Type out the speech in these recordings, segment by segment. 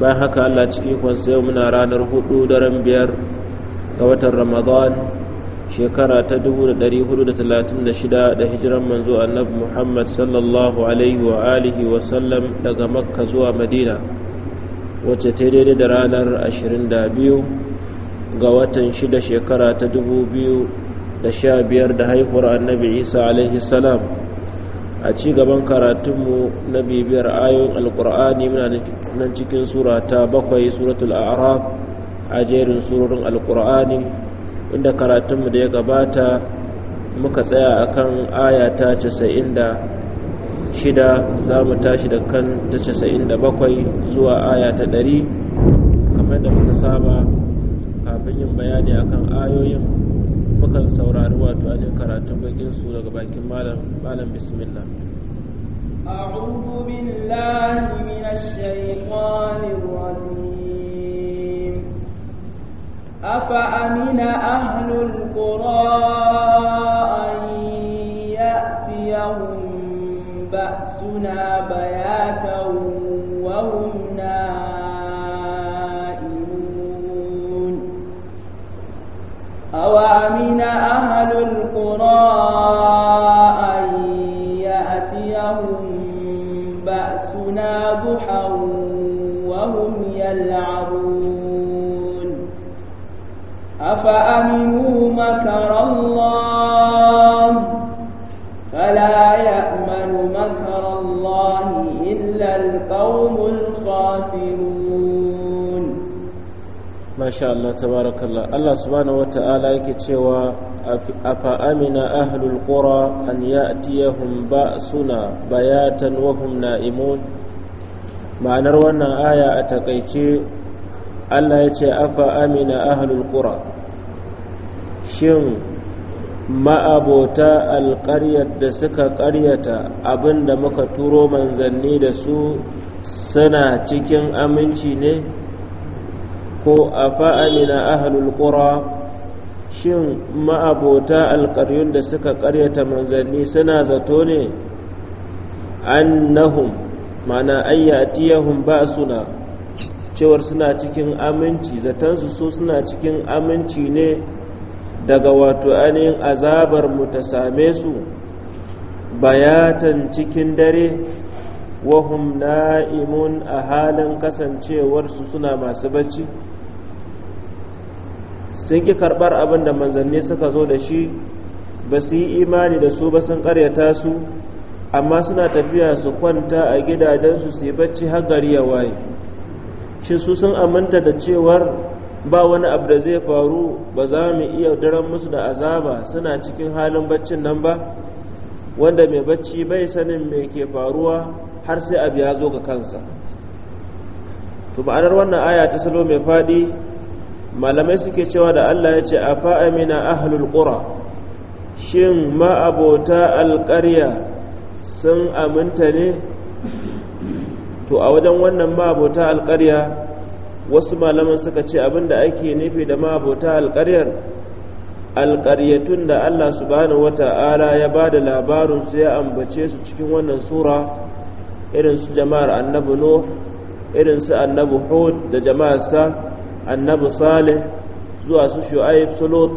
bayan haka Allah cikin kwansa yau muna ranar hudu daren biyar ga watan ramadan shekara ta 436 da hijiran manzo annabi muhammad sallallahu alaihi wa alihi wa sallam daga makka zuwa madina wacce ta daidai da ranar 22 ga watan shida shekara ta 2015 da haihuwar annabi isa alaihi salam a ci gaban karatunmu na bibiyar ayoyin alkur'ani muna nan cikin sura ta bakwai suratul araf a jerin surorin alkur'ani inda karatunmu da ya gabata muka tsaya akan aya ta casa'in da shida za mu tashi da kan ta casa'in da bakwai zuwa aya ta ɗari kamar da muka saba kafin yin bayani akan ayoyin mukan saurari wato ajin karatun bakin su daga bakin malam malam bismillah أعوذ بالله من الشيطان الرجيم أفأمن أهل القرى أن يأتيهم بأسنا بياتا قوام masha Allah tabarakallah Allah subhanahu ta'ala yake cewa afa amina ahlul qura an ya'tiyahum ba'suna bayatan wa hum na'imun ma'anar wannan aya a takaice Allah ya ce afa amina ahlul qura shin ma'abota alƙaryar da suka ƙaryata abin da muka turo manzanni da su suna cikin aminci ne ko a fa'amina ahlul qura shin ma'abota alƙaryun da suka ƙaryata manzanni suna zato ne annahum mana ba suna. cewar suna cikin aminci zatansu su suna cikin aminci ne daga wato ainihin azabar mu ta same su bayatan cikin dare wahum na'imun a halin kasancewarsu suna masu bacci sun ki karbar abin da manzanni suka zo da shi ba su yi imani da su ba sun karyata su amma suna tafiya su kwanta a gidajensu su yi bacci har gari ya waye shi su sun aminta da cewar ba wani abu da zai faru ba za mu iya daren musu da azaba suna cikin halin baccin nan ba wanda mai bacci bai sanin me ke faruwa har sai abu ya zo ga kansa to ma'anar wannan aya ta salo mai faɗi malamai suke cewa da Allah ya ce afa amina ahlul qura shin ma'abota alƙarya sun aminta ne to a wajen wannan ma'abota alƙarya wasu malaman suka ce abinda ake nufi da ma'abota alƙaryar alƙaryatun da Allah subhanahu wata'ala ya ba da labarin su ya ambace su cikin wannan sura irin su jama'ar annabi irin su annabi hud da jama'arsa annabi salih zuwa su shu'aib sulut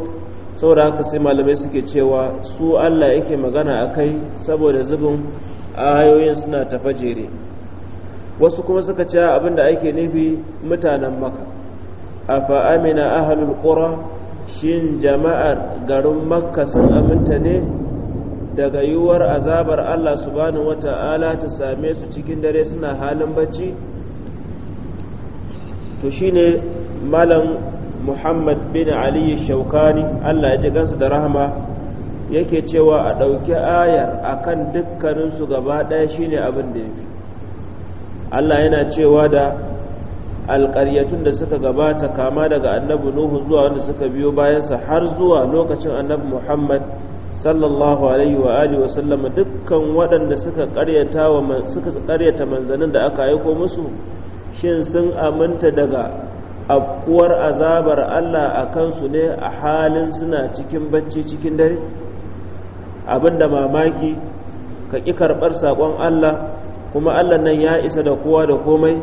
saboda haka sai malamai suke cewa su allah yake magana a kai saboda zubin ayoyin suna tafa jere wasu kuma suka ce abinda ake nufi mutanen maka a fa'amina ahalul ƙura shin jama'ar garin makka sun aminta ne daga yiwuwar azabar allah subhanahu wata'ala ta same su cikin dare suna halin bacci to shine malam muhammad bin ali shaukani allah ya ji gansu da rahama yake cewa a ɗauki ayar kan dukkaninsu gaba ɗaya ne abin da ya fi allah yana cewa da alƙaryatun da suka gabata kama daga annabi nuhu zuwa wanda suka biyo bayansa har zuwa lokacin annabi muhammad sallallahu alaihi wa alihi wa sallam dukkan waɗanda suka ƙaryata wa suka ƙaryata manzanin da aka aiko musu shin sun aminta daga afkuwar azabar Allah a kansu ne a halin suna cikin bacci cikin dare da mamaki ka ƙi karɓar saƙon Allah kuma Allah nan ya isa da kowa da komai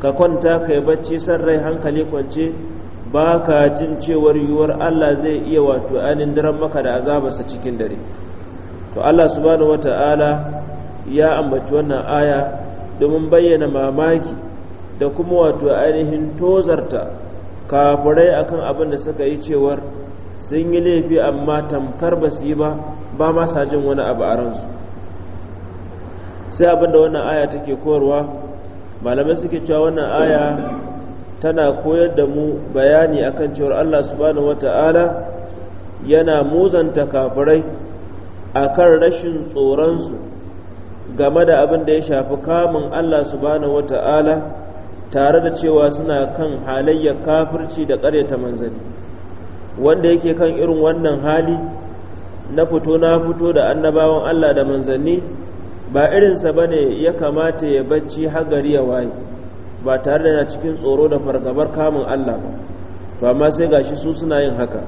ka kwanta ka yi bacci san rai hankali kwance ba ka jin cewar yiwuwar Allah zai iya wato anin daren maka da azabarsa cikin dare to Allah subhanahu wata'ala ya ambaci wannan aya domin bayyana mamaki da kuma wato ainihin tozarta kafirai akan abin da suka yi cewar sun yi laifi amma tamkar ba su yi ba ba ma sa jin wani abu a ransu sai abin da wannan aya take koyarwa malamai suke cewa wannan aya tana koyar da mu bayani akan cewar Allah subhanahu wata'ala yana muzanta kafirai akan rashin tsoronsu game da abin da ya shafi kamun Allah subhanahu wata'ala tare da cewa suna kan halayyar kafirci da ƙaryata manzani, wanda yake kan irin wannan hali na fito na fito da annabawan Allah da manzanni ba irinsa ba ne ya kamata ya bacci hagari ya waye ba tare da yana cikin tsoro da fargabar kamun Allah ba to amma sai gashi su suna yin haka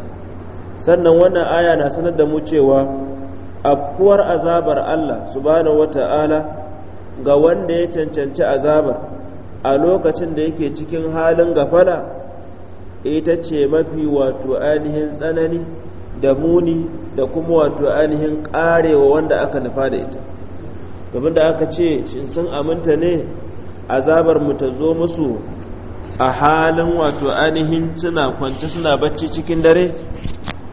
sannan wannan aya na sanar da mu cewa afkuwar azabar Allah subhanahu wata'ala ga wanda ya cancanci azabar a lokacin da yake cikin halin gafala ita ce mafi wato ainihin tsanani da muni da kuma wato ainihin karewa wanda aka nufa da ita domin da aka ce shin sun aminta ne azabar mu ta zo musu a halin wato ainihin suna kwanci suna bacci cikin dare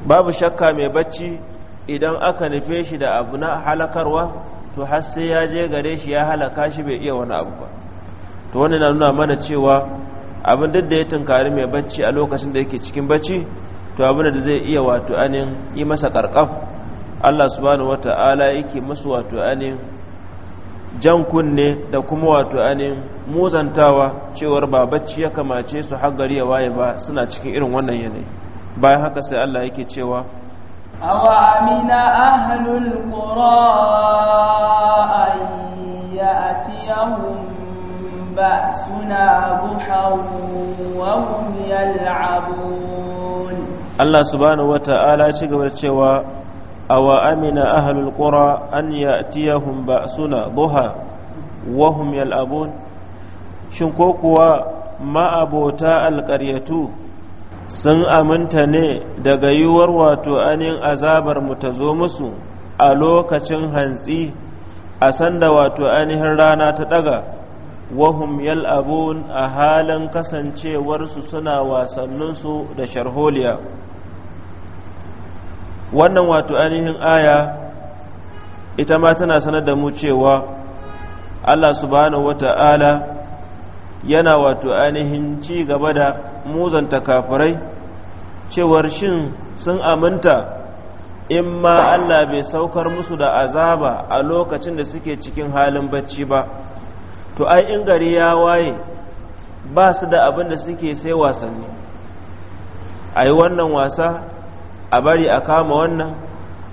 babu shakka mai bacci idan aka nufe shi da abu na halakarwa to har sai ya je gare shi ya halaka shi bai iya wani abu ba to wannan na nuna mana cewa abin duk da ya tunkari mai bacci a lokacin da yake cikin bacci to abin da zai iya wato anin yi masa karkaf Allah subhanahu wata'ala yake masa wato anin jan kunne da kuma wato anin muzantawa cewar ba bacci ya kamace su gari ya waye ba suna cikin irin wannan yanayi bayan haka sai Allah yake cewa awa amina ahlul qura an ya'tiyahum ba'suna duhan yal'abun Allah subhanahu wataala ya cigaba da cewa awa amina ahlul qura an ya'tiyahum ba'suna duha wa hum yal'abun shin ko kuwa ma'abota alqaryatu sun aminta ne daga yiwuwar wato anin azabar mu ta zo musu a lokacin hantsi a sanda wato ainihin rana ta ɗaga? wahum yal'abun a halin kasancewarsu suna wasanninsu da sharholiya wannan wato ainihin aya ita ma tana sanar da mu cewa Allah subhanahu wata'ala yana wato ainihin ci gaba da muzanta kafirai cewar shin sun aminta in ma Allah bai saukar musu da azaba a lokacin da suke cikin halin bacci ba to ai in gari ya waye ba su da abin da suke sai wasanni a yi wannan wasa a bari a kama wannan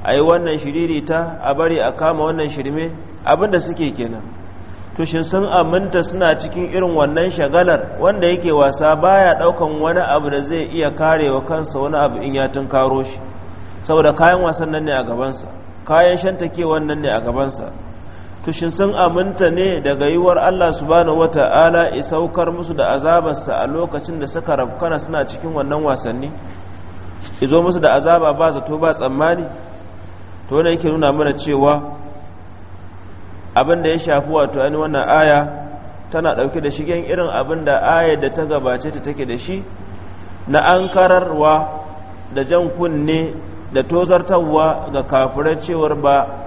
a yi wannan shiririta a bari a kama wannan shirme abin da suke kenan tushin sun aminta suna cikin irin wannan shagalar wanda yake wasa baya daukan wani abu da zai iya karewa kansa wani abu in ya tunkaro shi saboda kayan wasan nan ne a gabansa kayan ke wannan ne a gabansa tushin sun aminta ne daga yiwuwar Allah subhanahu wata'ala isaukar musu da azabarsa a lokacin da suka rafkana suna cikin wannan wasanni izo musu da azaba ba zato ba tsammani to ne yake nuna mana cewa abin da ya shafi wato ani wannan aya tana dauke da shigen irin abin da ayar da ta gabace ta take da shi na an da jan kunne da tozartarwa ga kafirai cewar ba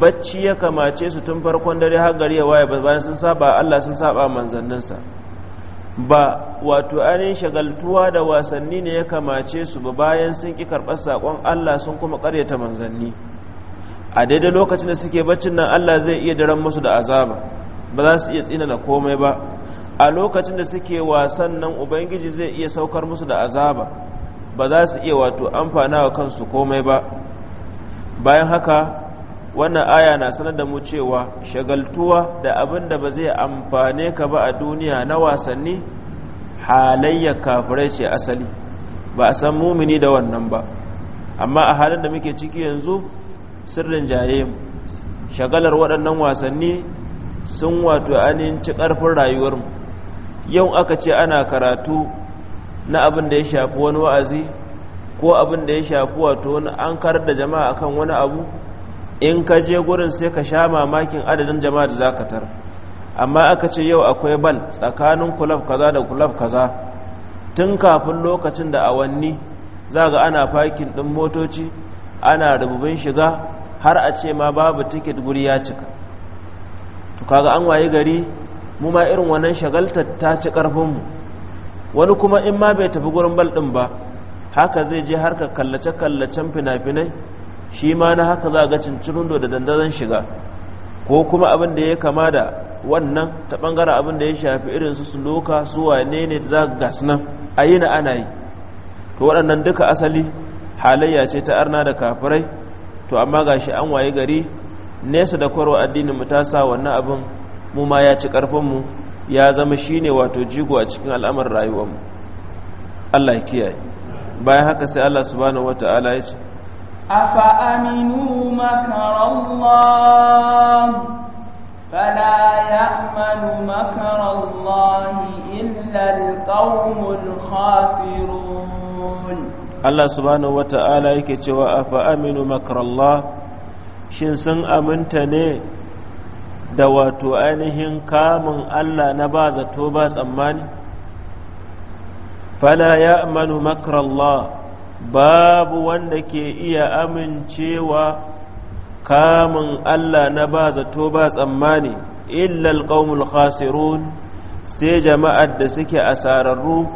bacci ya kamace su tun farkon dare har gari ya waye bayan sun saba Allah sun saba manzanninsa ba wato ainihin shagaltuwa da wasanni ne ya kamace su ba bayan sun ki karɓar saƙon Allah sun kuma ƙaryata manzanni a daidai lokacin da suke baccin nan Allah zai iya daren musu da azaba ba za su iya tsinana komai ba a lokacin da suke wasan nan ubangiji zai iya saukar musu da azaba ba za su iya wato amfana wa kansu komai ba bayan haka wannan aya na sanar da mu cewa shagaltuwa da abin da ba zai amfane ka ba a duniya na wasanni halayya kafirai ce asali ba a san mumini da wannan ba amma a halin da muke ciki yanzu sirrin jaye shagalar waɗannan wasanni sun wato ainihin ci ƙarfin rayuwarmu yau aka ce ana karatu na abin da ya shafi wani wa'azi ko abin da ya shafi wato wani an karar da jama'a akan wani abu in ka je gurin sai ka sha mamakin adadin jama'a da zaka tar amma aka ce yau akwai bal tsakanin kulab kaza da kulab kaza tun kafin lokacin da awanni za ga ana fakin ɗin motoci ana rububin shiga har a ce ma babu tiket guri ya cika to kaga an waye gari mu ma irin wannan shagaltar ta ci ƙarfinmu wani kuma in ma bai tafi gurin bal din ba haka zai je har ka kallace-kallacen fina-finai shi ma na haka za a ga cincirundo da dandazon shiga ko kuma abin da ya kama da wannan ta bangaren abin da ya shafi irin su loka su wane ne za ga nan a yi na ana yi to waɗannan duka asali halayya ce ta arna da kafirai to amma ga shi an waye gari nesa da kwarwa addinin mu ta sa wannan abin mu ma ya ci ƙarfinmu ya zama shi ne wato jigo a cikin al'amar rayuwarmu allah ya kiyaye bayan haka sai allah subhanahu wata'ala ya ce أفأمنوا مكر الله فلا يأمن مكر الله إلا القوم الخاسرون الله سبحانه وتعالى يكتوى أفأمنوا مكر الله shin sun aminta ne da wato ainihin kamun Allah na ba zato ba tsammani fala ya amanu makarallah babu wanda ke iya amincewa kamun Allah na ba zato ba tsammani illal qaumul khasirun sai jama'ar da suke asararru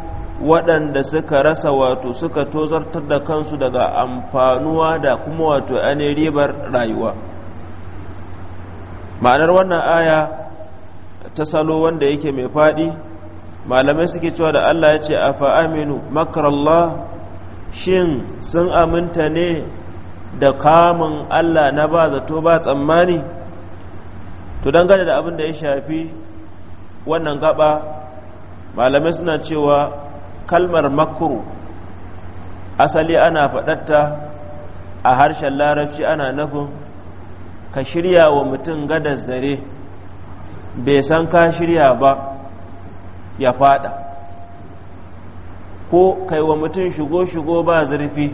waɗanda suka rasa wato suka tozartar da kansu daga amfanuwa da kuma wato ane ribar rayuwa ma'anar wannan aya ta salo wanda yake mai faɗi malamai suke cewa da Allah ya ce a fa'aminu makarallah shin sun aminta ne da kamun Allah na ba zato ba tsammani to dangane da abin da ya shafi wannan gaba malamai suna cewa kalmar makuru asali ana faɗatta a harshen larabci ana nufin ka shirya wa mutum gadar zare bai san ka shirya ba ya faɗa. ko kai wa mutum shigo-shigo ba zurfi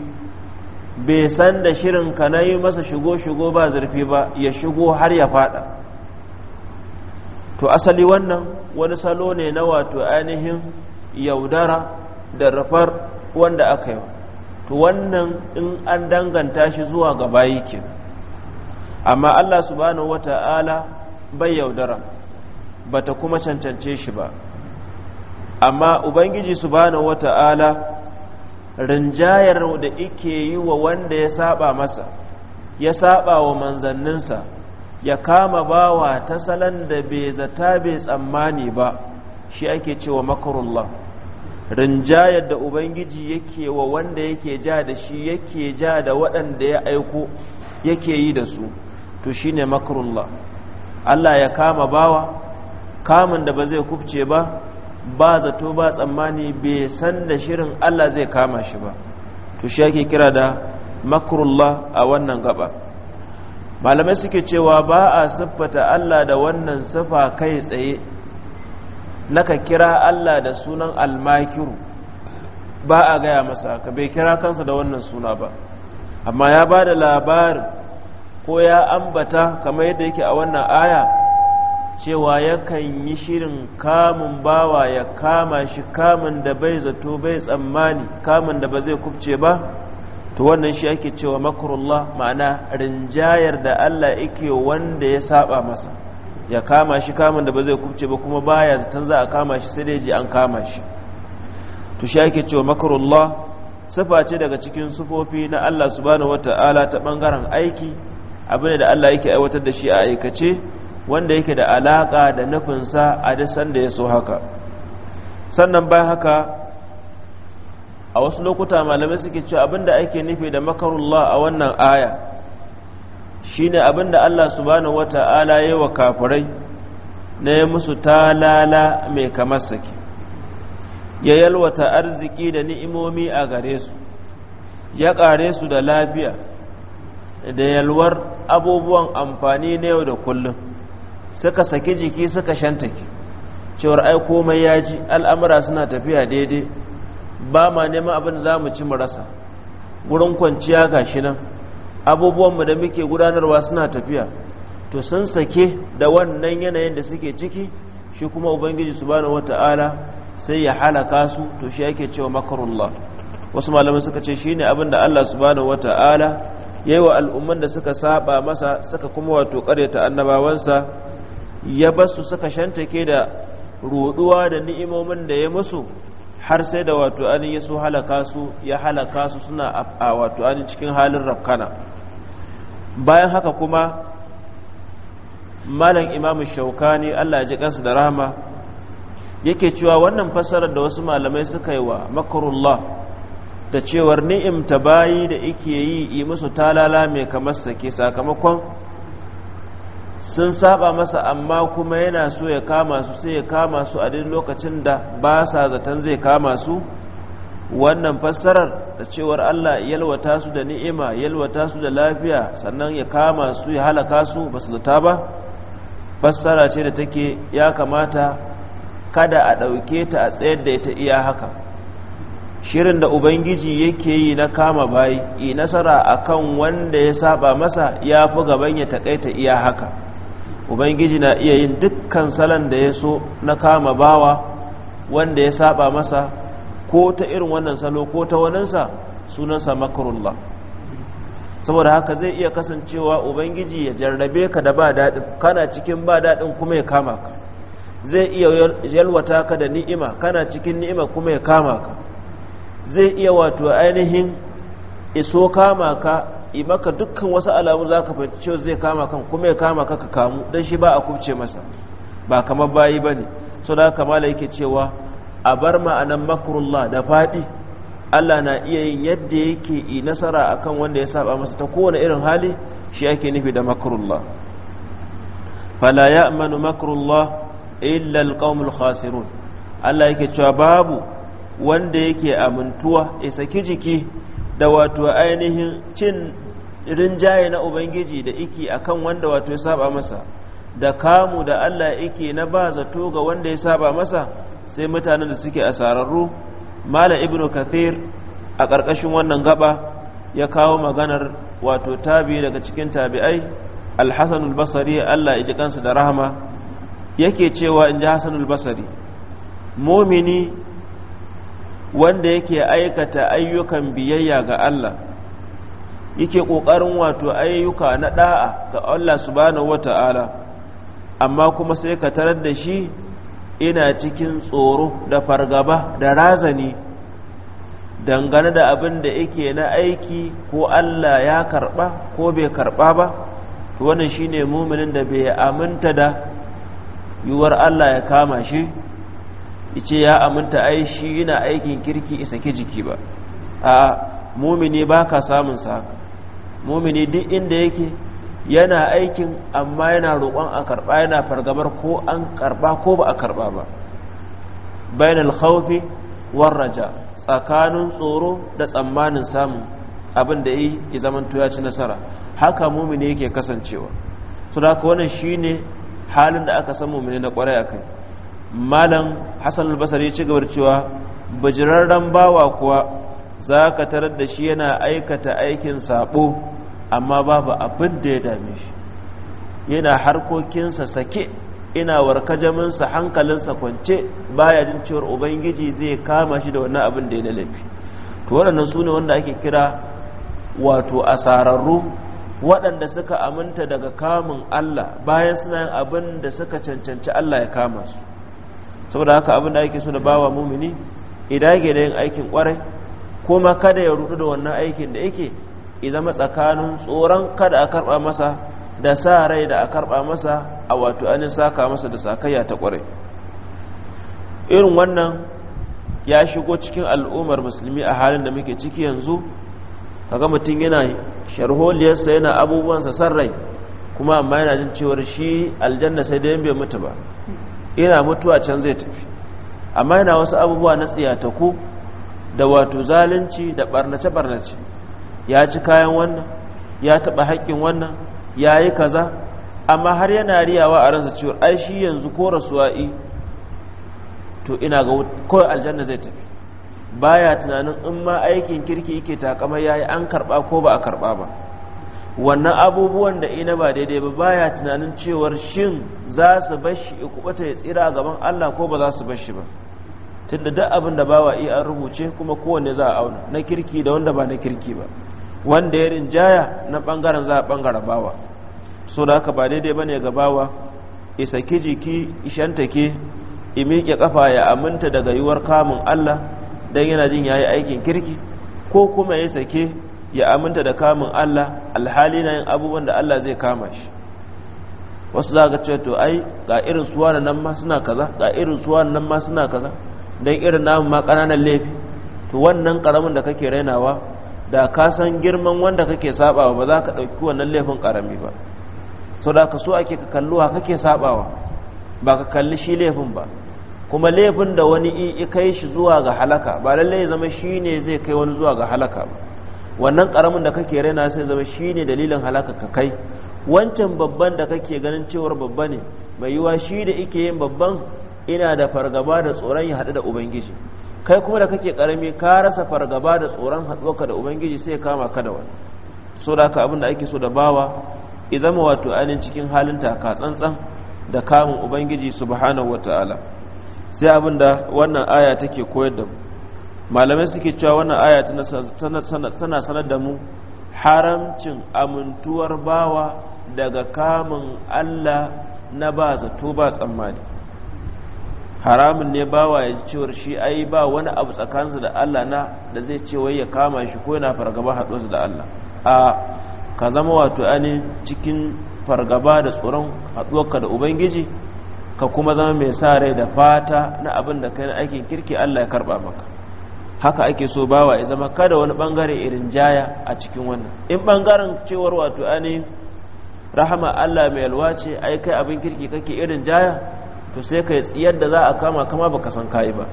bai san da shirin ka na yi masa shigo-shigo ba zurfi ba ya shigo har ya fada to asali wannan wani salo ne na wato ainihin yaudara da rafar wanda aka yi to wannan in an danganta shi zuwa ga bayi amma Allah subhanahu wata'ala bai yaudara bata kuma cancance shi ba amma ubangiji su subhanahu wata'ala rinjayar da ike yi wa wanda ya saba masa ya saba wa manzanninsa ya kama bawa ta salon da bai zata bai tsammani ba shi ake cewa makarullah rinjayar da ubangiji yake wa wanda yake ja da shi yake ja da waɗanda ya aiko yake yi da su to shi ne makarullah allah ya kama bawa kamun da ba zai kufce ba ba zato ba tsammani bai san da shirin Allah zai kama shi ba to shi yake kira da makrullah a wannan gaba malamai suke cewa ba a siffata Allah da wannan siffa kai tsaye naka kira Allah da sunan almakiru ba a gaya masa ka bai kira kansa da wannan suna ba amma ya ba da labarin ko ya ambata kamar yadda yake a wannan aya cewa yakan yi shirin kamun bawa ya kama shi kamun da bai zato bai tsammani kamun da ba zai kubce ba to wannan shi ake cewa makarullah ma'ana rinjayar da Allah yake wanda ya saba masa ya kama shi kamun da ba zai kubce ba kuma baya zaton za a kama shi sai dai ji an kama shi to shi ake cewa makarullah sifa ce daga cikin sufofi na Allah subhanahu wata'ala ta bangaren aiki abin da Allah yake aiwatar da shi a aikace wanda yake da alaƙa da nufinsa a duk sanda ya so haka sannan bayan haka a wasu lokuta malamai suke cewa abinda ake nufi da makarullah a wannan aya shine abinda Allah subhanahu wata'ala ya wa kafirai na ya musu talala mai kamar sake ya yalwata arziki da ni'imomi a gare su ya kare su da lafiya da yalwar abubuwan amfani na yau da kullum suka saki jiki suka shantake cewar ai komai ya ji al'amura suna tafiya daidai ba ma neman abin za mu ci marasa rasa gurin kwanciya ga shi nan abubuwanmu da muke gudanarwa suna tafiya to sun sake da wannan yanayin da suke ciki shi kuma ubangiji subhanahu wata'ala sai ya halaka su to shi yake cewa makarullah wasu malamai suka ce shine abin da Allah subhanahu wata'ala yayi wa al'umman da suka saba masa suka kuma wato karyata annabawansa ya basu suka shantake da ruduwa da ni'imomin da ya musu har sai da wato anin ya su halaka su ya halaka su suna a wato anin cikin halin rafkana bayan haka kuma malam imamu shaukani Allah ya ji kansu da rahama yake cewa wannan fassarar da wasu malamai suka yi wa makarullah da cewar ni'imta bayi da ike yi yi musu talala mai kamar sake sakamakon sun saba masa amma kuma yana so ya kama su sai ya kama su a duk lokacin da ba sa zaton zai kama su wannan fassarar da cewar Allah yalwata su da ni'ima yalwata su da lafiya sannan ya kama su ya halaka su ba su zata ba fassara ce da take ya kamata kada a ɗauke ta a tsayar da ita iya haka shirin da ubangiji yake yi na kama bayi yi nasara akan wanda ya saba masa ya fi gaban ya takaita iya haka ubangiji na iya yin dukkan salon da ya so na kama bawa wanda ya saba masa ko ta irin wannan salo ko ta waninsa sunansa makarullah saboda haka zai iya kasancewa ubangiji ya jarrabe ka da ba daɗin kana cikin ba daɗin kuma ya kama ka zai iya yalwata ka da ni'ima kana cikin ni'ima kuma ya kama ka zai iya wato ainihin iso kama ka yi maka dukkan wasu alamu za ka fahimci cewa zai kama kan kuma ya kama kaka kamu don shi ba a kubce masa ba kamar bayi ba ne so da haka mala yake cewa a bar ma'anan makarullah da faɗi allah na iya yin yadda yake yi nasara a kan wanda ya saba masa ta kowane irin hali shi ake nufi da makarullah fala ya manu makarullah illa alƙawmul khasirun allah yake cewa babu wanda yake amintuwa ya saki jiki da wato ainihin cin rinjaye na ubangiji da iki akan wanda wato ya saba masa da kamu da Allah yake na ba zato ga wanda ya saba masa sai mutanen da suke asararru mala ibnu kathir a ƙarƙashin wannan gaba ya kawo maganar wato tabi daga cikin tabi'ai alhassan albasari Allah ya kansa da rahama yake cewa in ji hassan albasari mumini wanda yake aikata ayyukan biyayya ga Allah yake kokarin wato ayyuka na ɗa'a ga Allah subhanahu wata'ala amma kuma sai ka tarar da shi ina cikin tsoro da fargaba da razani dangane da abin da yake na aiki ko Allah ya karba ko bai karba ba to wannan shine muminin da bai aminta da yuwar Allah ya kama shi ice ya aminta ai shi ina aikin kirki isa ke jiki ba a mumini baka samun sa haka mumini duk inda yake yana aikin amma yana roƙon a karɓa yana fargabar ko an karɓa ko ba a karɓa ba bainal khawfi war raja tsakanin tsoro da tsammanin samun abin da yi ya zamanto ya ci nasara haka mumini yake kasancewa su da haka wannan shine halin da aka san mumini na kwarai akai malam hasan al ya ci gabar cewa bijirarren bawa kuwa za ka tarar da shi yana aikata aikin saɓo. amma babu abin da ya dame shi yana harkokinsa sake ina warkajaminsa hankalinsa kwance baya jin cewar ubangiji zai kama shi da wannan abin da ya lalafi to waɗannan su ne wanda ake kira wato asararru waɗanda suka aminta daga kamun Allah bayan suna yin abin da suka cancanci Allah ya kama su saboda haka abin da ake so da bawa mumini idan da yin aikin kwarai kuma kada ya rudu da wannan aikin da yake i zama tsakanin tsoron kada a karba masa da sa rai da a karba masa a wato anin saka masa da sakayya ta ƙware irin wannan ya shigo cikin al'ummar musulmi a halin da muke ciki yanzu kaga mutum yana sharholiyarsa yana abubuwansa san rai kuma amma yana jin cewar shi aljanna sai da bai mutu ba ina mutuwa can zai tafi amma yana wasu abubuwa na tsiyataku da wato zalunci da barnace-barnace ya ci kayan wannan ya taɓa haƙƙin wannan ya yi kaza amma har yana riyawa a ransa cewa ai shi yanzu ko rasuwa yi to ina ga kawai aljanna zai tafi baya tunanin in ma aikin kirki yake takamai yi an karba ko ba a karba ba wannan abubuwan da ina ba daidai ba baya tunanin cewar shin za su bashi ya kubata ya tsira gaban Allah ko ba za su bashi ba tunda duk abin da bawa iya an rubuce kuma kowanne za a auna na kirki da wanda ba na kirki ba wanda ya rinjaya na bangaren za a bangara bawa so da haka ba daidai bane ga bawa isa ki jiki ishantake miƙe kafa ya aminta daga yiwuwar kamun Allah don yana jin yayi aikin kirki ko kuma ya sake ya aminta da kamun Allah alhali na yin abubuwan da Allah zai kama shi wasu za ga cewa to ai ga irin suwa nan ma suna kaza ga irin suwa nan ma suna kaza don irin namun ma ƙananan laifi to wannan karamin da kake rainawa da ka san girman wanda kake sabawa ba za ka ɗauki wannan laifin karami ba so da ka so ake ka ha kake sabawa ba ka kalli shi laifin ba kuma laifin da wani i kai shi zuwa ga halaka ba lallai ya zama shi zai kai wani zuwa ga halaka ba wannan karamin da kake raina sai zama shi ne dalilin halaka ka kai wancan babban da kake ganin cewar babba ne mai yiwa shi da ike yin babban ina da fargaba da tsoron ya haɗu da ubangiji kai kuma da kake karami ka rasa fargaba da tsoron haɗuwarka da ubangiji sai kama ka da wani so da ka abin da ake so da bawa izama zama wato ainihin cikin halin ka tsantsan da kamun ubangiji subhanahu wataala sai abin da wannan aya take koyar da mu malamai suke cewa wannan aya tana sanar da mu haramcin amintuwar bawa daga kamun Allah na ba zato ba tsammani haramun ne bawa wa cewar shi ai ba wani abu tsakansu da Allah na da zai ce wai ya kama shi ko yana fargaba su da Allah a ka zama wato ani cikin fargaba da tsoron haɗuwarka da ubangiji ka kuma zama mai sa rai da fata na abin da kai na aikin kirki Allah ya karɓa maka haka ake so wa ya zama kada wani bangare irin jaya a cikin wannan in bangaren cewar wato ani rahama Allah mai yalwa ce ai kai abin kirki kake irin jaya to sai ka tsiyar da za a kama kama baka san kai ba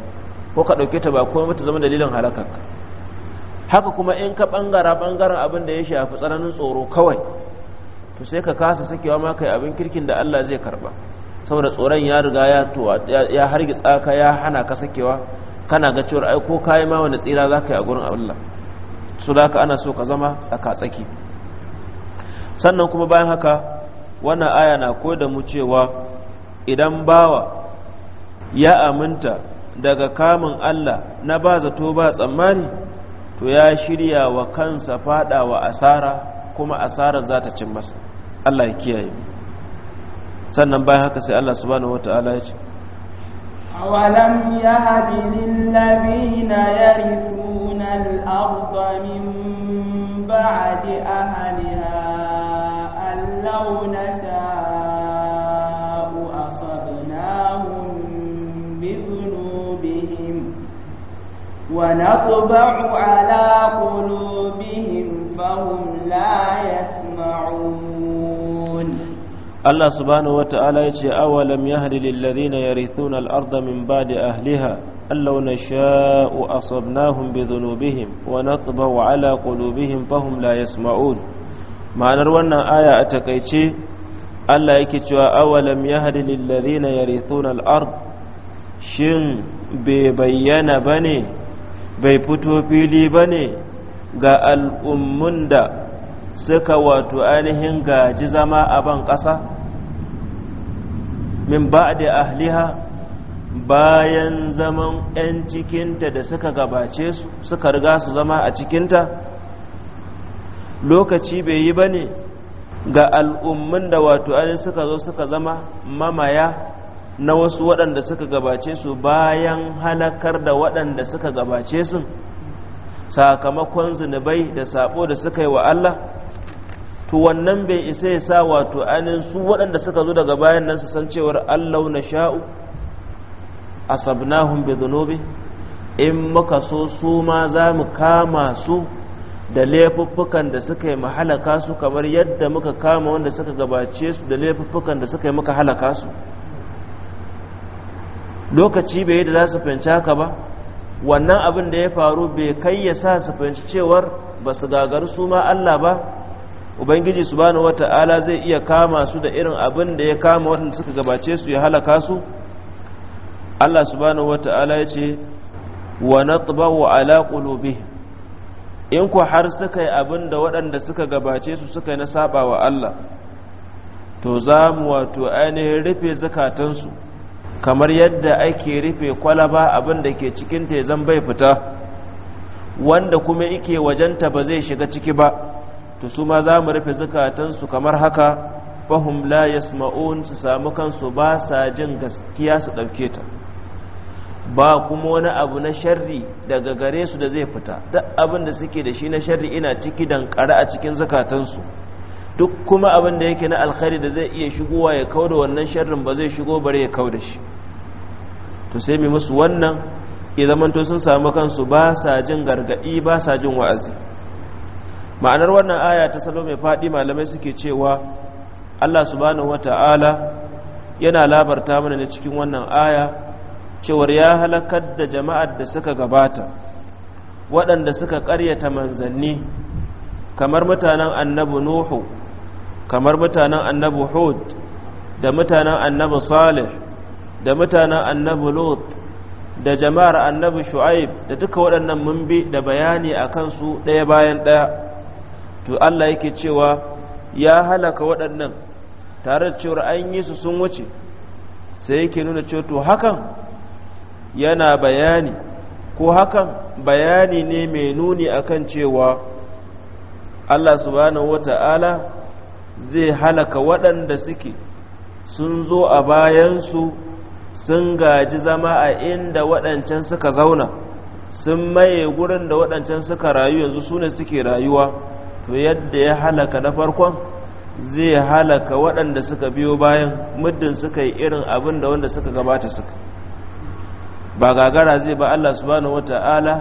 ko ka dauke ta ba ko ta zama dalilin halakar haka kuma in ka bangara bangaren abin da ya shafi tsananin tsoro kawai to sai ka kasa sakewa ma kai abin kirkin da Allah zai karba saboda tsoron ya riga ya to ya hargi tsaka ya hana ka sakewa kana ga cewa ai ko kai ma wani tsira zaka yi a gurin Allah su da ana so ka zama tsaka-tsaki sannan kuma bayan haka wannan aya na koyar da mu cewa idan bawa ya aminta daga kamun Allah na ba zato ba tsammani to ya shirya wa kansa fada wa asara kuma asarar za ta cin masa Allah ya kiyaye sannan bayan haka sai Allah subhanahu wataala ya ce awalam yahdi lil sunan yarithuna al-ardha min ba'di ahliha allawna ونطبع على قلوبهم فهم لا يسمعون الله سبحانه وتعالى يجي أولم يهد للذين يرثون الأرض من بعد أهلها أن لو نشاء أصبناهم بذنوبهم ونطبع على قلوبهم فهم لا يسمعون ma'anar wannan aya a takaice Allah yake cewa awalam ya hadi lillazina yarithuna al-ard shin bai bayyana bane bai fito fili ba ne ga al'ummun da suka wato ainihin gaji zama a ban ƙasa min ba da ahliha bayan zaman 'yan cikinta da suka gabace su suka riga su zama a cikinta lokaci bai yi ba ne ga al'ummun da wato ainihin suka zo suka zama mamaya na wasu waɗanda suka gabace su bayan halakar da waɗanda suka gabace su sakamakon zunubai da sabo da suka yi wa Allah to wannan bai isa ya sa wato anin su waɗanda suka zo daga bayan nan su san cewar Allah na sha'u asabnahum bi dhunubi in muka so su ma za mu kama su da laifuffukan da suka yi mahalaka su kamar yadda muka kama wanda suka gabace su da laifuffukan da suka yi muka halaka su lokaci bai yi da za su fahimci haka ba wannan abin da ya faru bai kai ya sa su fahimci cewar ba su gagar su ma Allah ba ubangiji su wata wata'ala zai iya kama su da irin abin da ya kama waɗanda suka gabace su ya halaka su Allah su wata wata'ala ya ce wa na wa ala qulubihim in ku har suka yi abin da waɗanda suka gabace su suka yi na saba wa Allah to za mu wato ainihin rufe zakatansu kamar yadda ake rufe kwalaba abin da ke cikin tezan bai fita wanda kuma ike wajenta ba zai shiga ciki ba to su ma za mu rufe zukatansu kamar haka fahim la yasma'un su samu kansu ba sa jin gaskiya su ɗauke ta ba kuma wani abu na sharri daga gare su da zai fita duk abin da suke da shi na sharri ina ciki dankare a cikin zukatansu duk kuma abin da yake na alkhairi da zai iya shigowa ya da wannan sharrin ba zai shigo bare ya da shi to sai mai musu wannan ya zamanto sun samu kansu ba sa jin gargadi ba sa jin wa'azi ma'anar wannan aya ta salo mai faɗi malamai suke cewa Allah subhanahu wata'ala yana labarta mana ne cikin wannan aya cewar ya halakar da jama'ar da suka gabata waɗanda suka ƙaryata manzanni kamar mutanen annabi nuhu kamar mutanen annabi hud da mutanen annabi salih da mutanen annabi lut da jama'ar annabi shu'aib da duka waɗannan mun da bayani a kansu ɗaya bayan ɗaya to Allah yake cewa ya halaka waɗannan tare da cewar an yi su sun wuce sai yake nuna cewa to hakan yana bayani ko hakan bayani ne mai nuni akan cewa Allah subhanahu wata'ala zai halaka waɗanda suke sun zo a bayansu sun gaji zama a inda waɗancan suka zauna sun maye gurin da waɗancan suka rayu yanzu su ne suke rayuwa to yadda ya halaka na farkon zai halaka waɗanda suka biyo bayan muddin suka yi irin abin da wanda suka gabata suka ba gagara zai ba Allah subhanahu wata'ala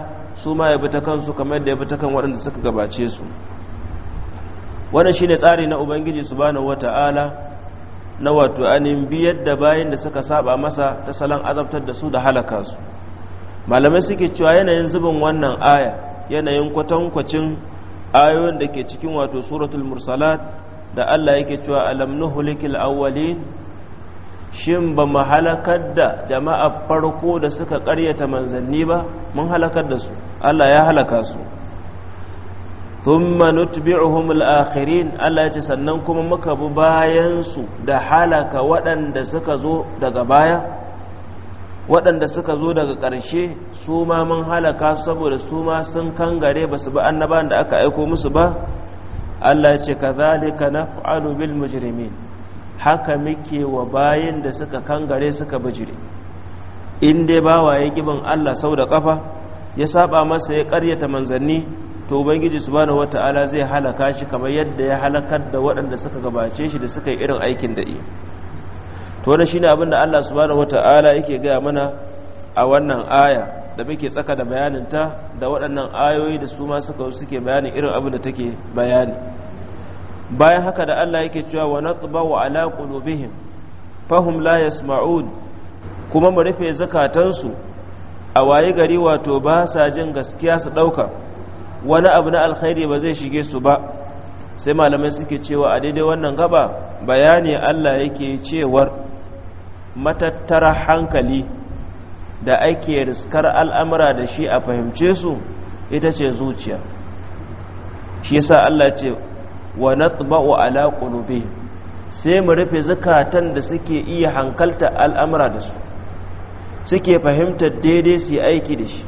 su ma ya bi ta kansu kamar yadda ya bi ta kan waɗanda suka gabace su wannan shine tsari na ubangiji subhanahu wata'ala na wato anin biyar da bayan da suka saba masa ta salon azabtar da su da halaka su malamai suke cewa yanayin zubin wannan aya yanayin kwatankwacin ayoyin da ke cikin wato suratul mursalat da Allah yake cewa alam nuhlikil awwalin shin ba mu halakar da jama'a farko da suka karyata manzanni ba mun halakar da su Allah ya halaka su thumma nutbi'uhum al-akhirin Allah sannan kuma muka bi bayan su da halaka waɗanda suka zo daga baya waɗanda suka zo daga ƙarshe su ma mun halaka saboda su ma sun kangare basu ba annabawan da aka aiko musu ba Allah yace ce kadhalika naf'alu bil mujrimin haka muke wa bayan da suka kangare suka bijire in dai bawa ya gibin Allah sau da kafa ya saba masa ya ƙaryata manzanni to ubangiji subhanahu wata'ala zai halaka shi kamar yadda ya halakar da waɗanda suka gabace shi da suka yi irin aikin da to wannan shine abin da Allah subhanahu wata'ala yake gaya mana a wannan aya da muke tsaka da bayanin ta da waɗannan ayoyi da su ma suka suke bayanin irin abin da take bayani bayan haka da Allah yake cewa wa wa ala qulubihim fahum la yasma'un kuma mu rufe zakatansu a waye gari wato ba sa jin gaskiya su dauka wani abu na alkhairi ba zai shige su ba sai malamai suke cewa a daidai wannan gaba bayani Allah yake cewar matattara hankali da ake riskar al'amura da shi a fahimce su ita ce zuciya shi yasa Allah ce wa natba'u ala qulubi sai mu rufe zukatan da suke iya hankalta al'amura da su suke fahimtar daidai su yi aiki da shi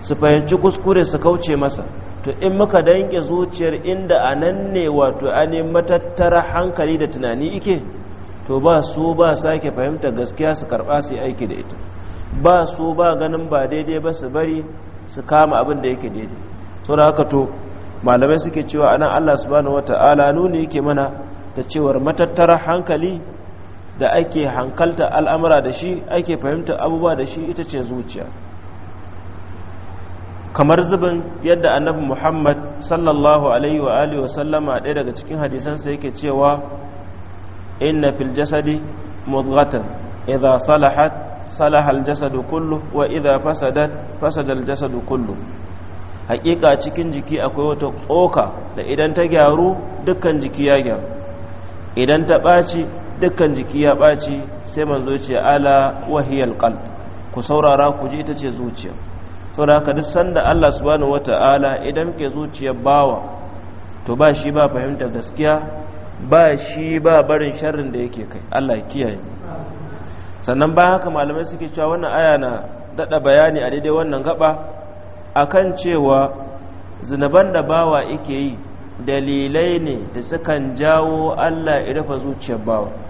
su fahimci kuskure su kauce masa to in muka danke zuciyar inda a nan ne wato ainihin matattara hankali da tunani ike to ba su ba sake fahimta gaskiya su karba su aiki da ita ba su ba ganin ba daidai ba su bari su kama abin da yake daidai to da haka to malamai suke cewa anan Allah subhanahu ta'ala nuni yake mana da cewar matattara hankali da ake hankalta al'amura da shi ake fahimta abubuwa da shi ita ce zuciya kamar zubin yadda annabi muhammad sallallahu alaihi wa alihi wasallama ɗaya daga cikin hadisansa yake cewa inna fil jasadi mudghatan idza salahat salaha al jasadu kullu wa idza fasadat fasada al jasadu kullu hakika cikin jiki akwai wata tsoka da idan ta gyaru dukkan jiki ya gyaru idan ta ɓaci dukkan jiki ya ɓaci sai manzo ce ala wahiyal qalb ku saurara ku ji ita ce zuciya saboda haka duk sanda Allah subhanahu wata'ala idan ke zuciyar bawa to ba shi ba fahimtar gaskiya ba shi ba barin sharrin da yake kai Allah kiyaye sannan ba haka malamai suke cewa wannan aya na dada bayani a daidai wannan gaba akan cewa zinaban da bawa yake yi dalilai ne da sukan jawo Allah ya rufe zuciyar bawa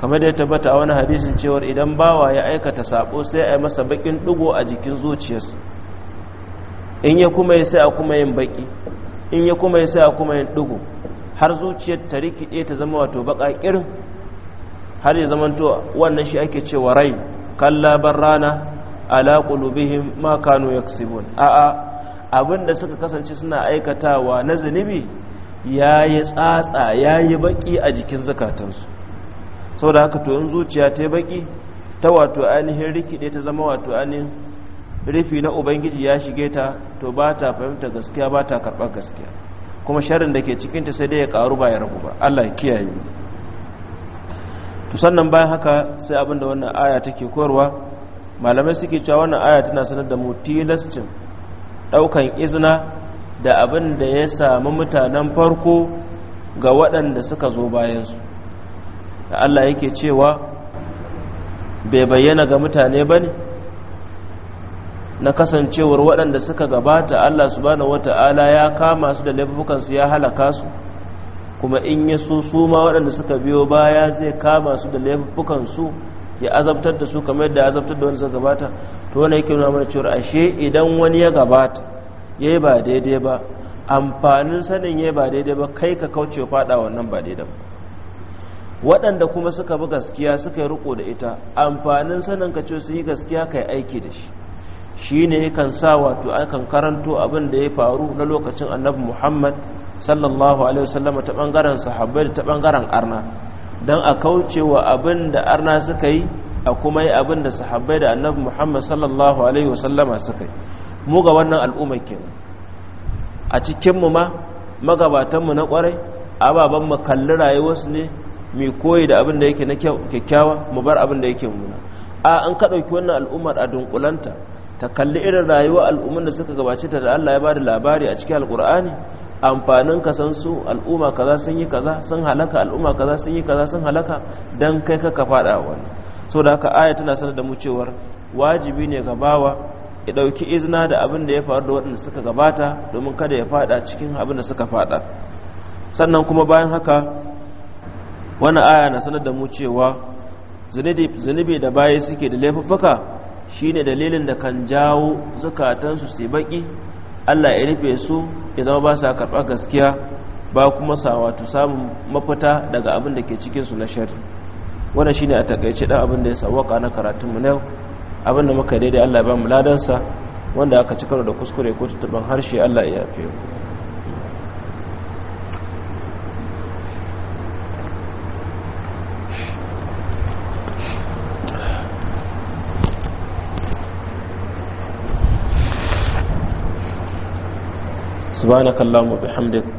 kamar da ya tabbata a wani hadisin cewar idan bawa ya aikata sabo sai a yi masa bakin dugo a jikin zuciyarsa in ya kuma yi sai a kuma yin baki in ya kuma yi sai a kuma yin dugo har zuciyar ta rikide ta zama wato bakakirin har ya zama to wannan shi ake cewa rai kallaban rana ala qulubihim ma kanu yaksibun a'a abinda suka kasance suna aikatawa na zunubi yayi tsatsa yayi baki a jikin zakatansu saboda haka to in zuciya ta yi baki ta wato ainihin rikide ta zama wato ainihin rufi na ubangiji ya shige ta to ba ta fahimta gaskiya ba ta karɓar gaskiya kuma sharin da ke cikinta sai dai ya ƙaru ba ya rabu ba allah ya kiyaye to sannan bayan haka sai abinda wannan aya take koyarwa malamai suke cewa wannan aya tana sanar da mu tilascin ɗaukan izina da abin da ya samu mutanen farko ga waɗanda suka zo bayansu da Allah yake cewa bai bayyana ga mutane ba ne na kasancewar waɗanda suka gabata Allah subhanahu wata'ala ya kama su da laifukansu ya halaka su kuma in yi so su ma waɗanda suka biyo baya zai kama su da laifukansu ya azabtar da su kamar yadda azabtar da wani suka gabata to wani yake nuna mana ashe idan wani ya gabata ya yi ba daidai ba amfanin sanin ya yi ba daidai ba kai ka kauce faɗa wannan ba daidai ba waɗanda kuma suka bi gaskiya suka yi riko da ita amfanin sanin ka ce su yi gaskiya yi aiki da shi shi ne kan sa wato akan karanto abin da ya faru na lokacin annabi muhammad sallallahu alaihi wasallama ta ɓangaren sahabbai da ta ɓangaren arna don a kauce wa abin da arna suka yi a kuma yi abin da sahabbai da annabi muhammad sallallahu alaihi wasallama suka yi mu ga wannan al'ummar kenan a cikinmu ma magabatanmu na kwarai ababanmu kalli rayuwarsu ne mai koyi da abin da yake na kyakkyawa mu bar abin da yake muna a an ka ɗauki wannan al'ummar a dunkulanta ta kalli irin rayuwa al'ummar da suka gabace ta da Allah ya ba da labari a cikin alkur'ani amfanin ka san su al'umma kaza sun yi kaza sun halaka al'umma kaza sun yi kaza sun halaka dan kai ka ka fada wani so da haka aya tana sanar da mu cewar wajibi ne ga bawa ya dauki izina da abin da ya faru da waɗanda suka gabata domin kada ya fada cikin abin da suka fada sannan kuma bayan haka wannan aya na sanar da mu cewa zunubi da baya suke da laifuffuka shine dalilin da kan jawo zukatansu su baki Allah ya rufe su ya zama ba sa karɓar gaskiya ba kuma sa wato samun mafita daga abin da ke cikin su na shari wannan shine a takaice dan abin da ya sawaka na karatun mu yau abin da muka daidai Allah ya ba mu ladansa wanda aka ci da kuskure ko tutuban harshe Allah ya yafe mu subhanakallahumma bihamdika